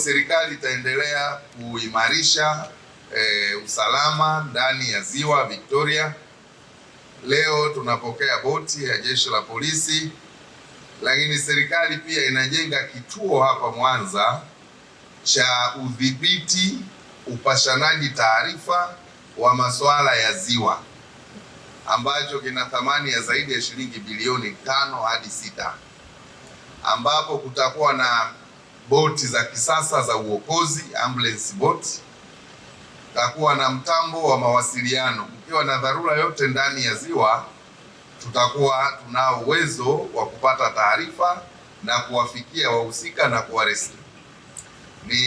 Serikali itaendelea kuimarisha e, usalama ndani ya ziwa Victoria. Leo tunapokea boti ya jeshi la polisi, lakini serikali pia inajenga kituo hapa Mwanza cha udhibiti upashanaji taarifa wa masuala ya ziwa ambacho kina thamani ya zaidi ya shilingi bilioni tano hadi sita ambapo kutakuwa na boti za kisasa za uokozi ambulance boat. Tutakuwa na mtambo wa mawasiliano, ukiwa na dharura yote ndani ya ziwa, tutakuwa tunao uwezo wa kupata taarifa na kuwafikia wahusika na kuwarescue. Ni,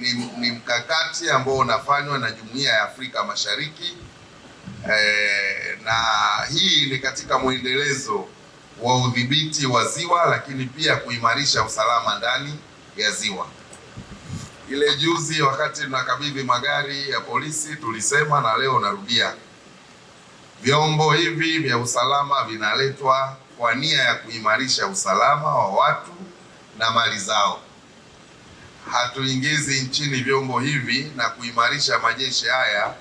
ni, ni mkakati ambao unafanywa na Jumuiya ya Afrika Mashariki eh, na hii ni katika mwendelezo wa udhibiti wa ziwa lakini pia kuimarisha usalama ndani ya ziwa. Ile juzi wakati tunakabidhi magari ya polisi tulisema, na leo narudia, vyombo hivi vya usalama vinaletwa kwa nia ya kuimarisha usalama wa watu na mali zao. Hatuingizi nchini vyombo hivi na kuimarisha majeshi haya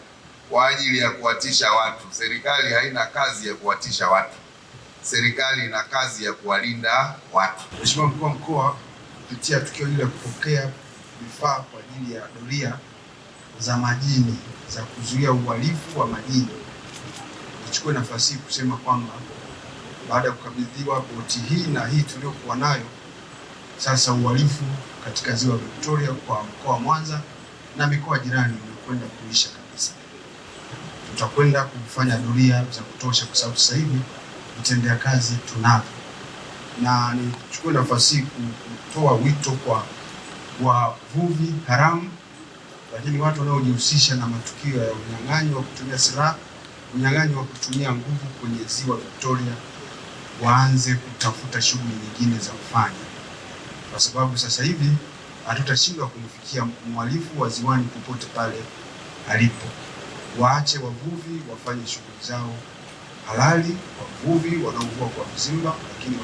kwa ajili ya kuwatisha watu. Serikali haina kazi ya kuwatisha watu, serikali ina kazi ya kuwalinda watu. Mheshimiwa Mkuu wa Mkoa kupitia tukio hili la kupokea vifaa kwa ajili ya doria za majini za kuzuia uhalifu wa majini. Nichukue nafasi hii kusema kwamba baada ya kukabidhiwa boti hii na hii tuliyokuwa nayo sasa, uhalifu katika ziwa Victoria kwa mkoa wa Mwanza na mikoa jirani umekwenda kuisha kabisa. Tutakwenda kufanya doria za kutosha, kwa sababu sasa hivi vitendea kazi tunavyo na nichukue nafasi hii kutoa wito kwa wavuvi haramu, lakini watu wanaojihusisha na matukio ya unyang'anyi wa kutumia silaha, unyang'anyi wa kutumia nguvu kwenye ziwa Victoria waanze kutafuta shughuli nyingine za kufanya, kwa sababu sasa hivi hatutashindwa kumfikia mhalifu wa ziwani popote pale alipo. Waache wavuvi wafanye shughuli zao halali, wavuvi wanaovua kwa mzimba lakini